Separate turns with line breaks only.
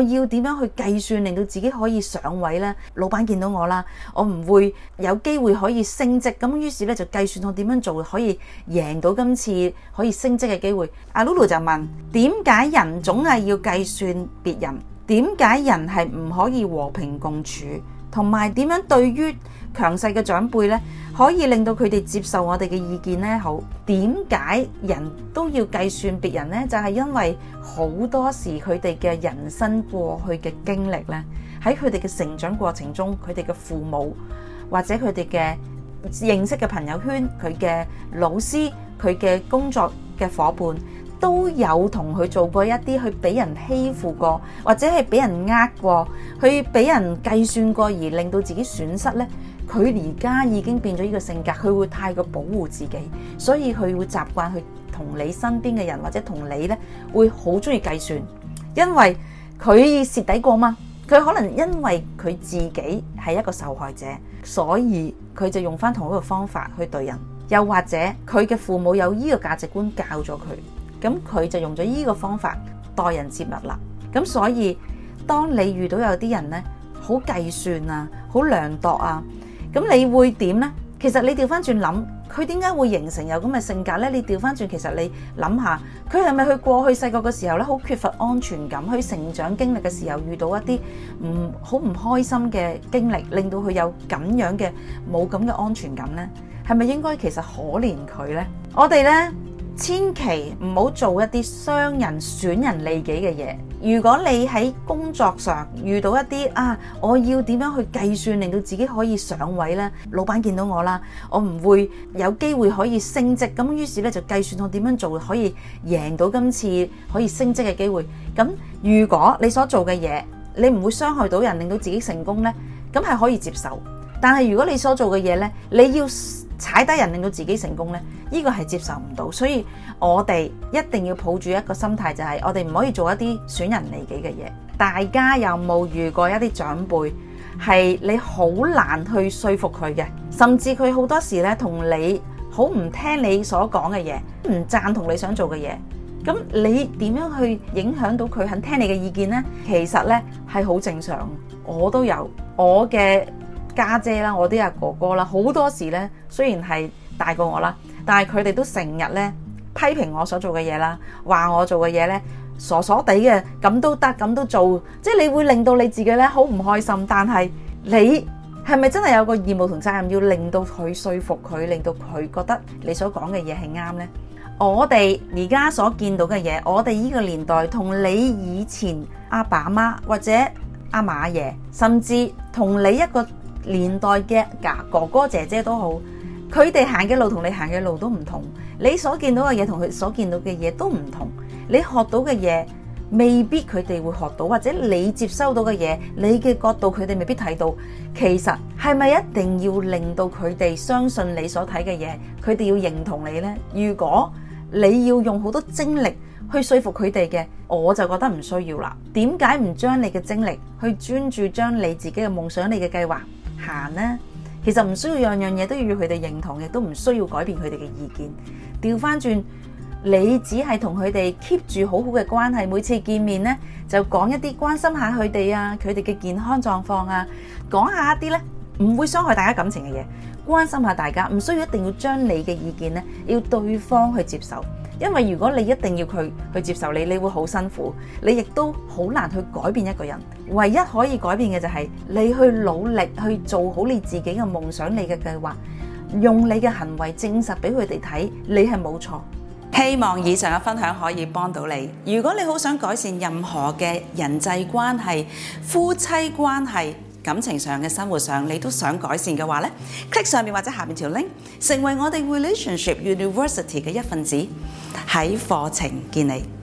我要點樣去計算，令到自己可以上位呢？老闆見到我啦，我唔會有機會可以升職。咁於是咧，就計算我點樣做可以贏到今次可以升職嘅機會。阿 Lulu 就問：點解人總係要計算別人？點解人係唔可以和平共處？同埋點樣對於強勢嘅長輩呢，可以令到佢哋接受我哋嘅意見呢？好，點解人都要計算別人呢？就係因為好多時佢哋嘅人生過去嘅經歷呢，喺佢哋嘅成長過程中，佢哋嘅父母或者佢哋嘅認識嘅朋友圈、佢嘅老師、佢嘅工作嘅伙伴。都有同佢做過一啲，去俾人欺負過或者係俾人呃過，去俾人計算過而令到自己損失咧。佢而家已經變咗呢個性格，佢會太過保護自己，所以佢會習慣去同你身邊嘅人或者同你咧，會好中意計算，因為，佢蝕底過嘛。佢可能因為，佢自己係一個受害者，所以佢就用翻同一個方法去對人，又或者佢嘅父母有呢個價值觀教咗佢。咁佢就用咗呢個方法待人接物啦。咁所以，當你遇到有啲人呢，好計算啊，好量度啊，咁你會點呢？其實你調翻轉諗，佢點解會形成有咁嘅性格呢？你調翻轉，其實你諗下，佢係咪去過去細個嘅時候呢？好缺乏安全感？去成長經歷嘅時候，遇到一啲唔好唔開心嘅經歷，令到佢有咁樣嘅冇咁嘅安全感呢？係咪應該其實可憐佢呢？我哋呢。千祈唔好做一啲傷人損人利己嘅嘢。如果你喺工作上遇到一啲啊，我要點樣去計算令到自己可以上位呢？老闆見到我啦，我唔會有機會可以升職。咁於是咧就計算我點樣做可以贏到今次可以升職嘅機會。咁如果你所做嘅嘢你唔會傷害到人，令到自己成功呢？咁係可以接受。但係如果你所做嘅嘢呢，你要踩低人令到自己成功呢？呢個係接受唔到，所以我哋一定要抱住一個心態，就係我哋唔可以做一啲損人利己嘅嘢。大家有冇遇過一啲長輩係你好難去說服佢嘅，甚至佢好多時咧同你好唔聽你所講嘅嘢，唔贊同你想做嘅嘢。咁你點樣去影響到佢肯聽你嘅意見呢？其實呢係好正常，我都有我嘅家姐啦，我啲阿哥哥啦，好多時呢，雖然係大過我啦。但係佢哋都成日咧批評我所做嘅嘢啦，話我做嘅嘢咧傻傻地嘅，咁都得，咁都做，即係你會令到你自己咧好唔開心。但係你係咪真係有個義務同責任要令到佢說服佢，令到佢覺得你所講嘅嘢係啱呢？我哋而家所見到嘅嘢，我哋依個年代同你以前阿爸阿媽或者阿嫲爺，甚至同你一個年代嘅哥哥姐姐都好。佢哋行嘅路同你行嘅路都唔同，你所見到嘅嘢同佢所見到嘅嘢都唔同，你學到嘅嘢未必佢哋會學到，或者你接收到嘅嘢，你嘅角度佢哋未必睇到。其實，係咪一定要令到佢哋相信你所睇嘅嘢，佢哋要認同你咧？如果你要用好多精力去說服佢哋嘅，我就覺得唔需要啦。點解唔將你嘅精力去專注將你自己嘅夢想、你嘅計劃行呢？其實唔需要樣樣嘢都要佢哋認同嘅，都唔需要改變佢哋嘅意見。調翻轉，你只係同佢哋 keep 住好好嘅關係。每次見面咧，就講一啲關心下佢哋啊，佢哋嘅健康狀況啊，講下一啲咧唔會傷害大家感情嘅嘢，關心下大家，唔需要一定要將你嘅意見咧要對方去接受。因為如果你一定要佢去接受你，你會好辛苦，你亦都好難去改變一個人。唯一可以改變嘅就係你去努力去做好你自己嘅夢想，你嘅計劃，用你嘅行為證實俾佢哋睇，你係冇錯。希望以上嘅分享可以幫到你。如果你好想改善任何嘅人際關係、夫妻關係，感情上嘅生活上，你都想改善嘅話咧，click 上面或者下面條 link，成為我哋 Relationship University 嘅一份子，喺課程見你。